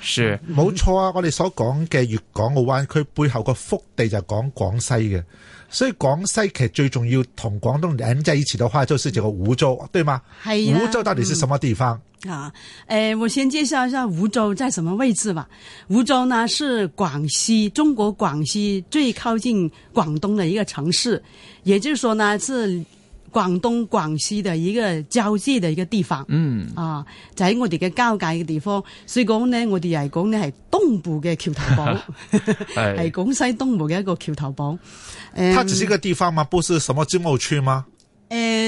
是，冇、嗯、錯啊！我哋所講嘅粵港澳灣區背後個腹地就講廣西嘅，所以廣西其實最重要同廣東連在一起的話，就是這個梧州，對嗎？係、啊。梧州到底是什麼地方、嗯、啊、欸？我先介紹一下梧州在什麼位置吧。梧州呢是廣西，中國廣西最靠近廣東的一個城市，也就是說呢是。廣東、廣西的一個交界的一個地方，嗯，啊，就喺我哋嘅交界嘅地方，所以講呢，我哋又係講呢，係東部嘅橋頭堡，係 廣 西東部嘅一個橋頭堡。誒、um,，它只是個地方嘛，不是什麼自貿區嗎？誒、um,。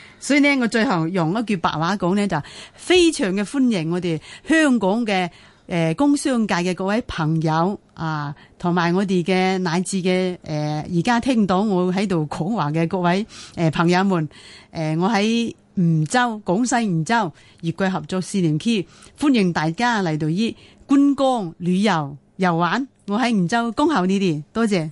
所以呢，我最後用一句白話講呢，就非常嘅歡迎我哋香港嘅誒、呃、工商界嘅各位朋友啊，同埋我哋嘅乃至嘅誒而家聽到我喺度講話嘅各位誒、呃、朋友們，誒、呃、我喺梧州廣西梧州粵桂合作試驗區，歡迎大家嚟到呢觀光旅遊遊玩。我喺梧州恭候你哋多謝。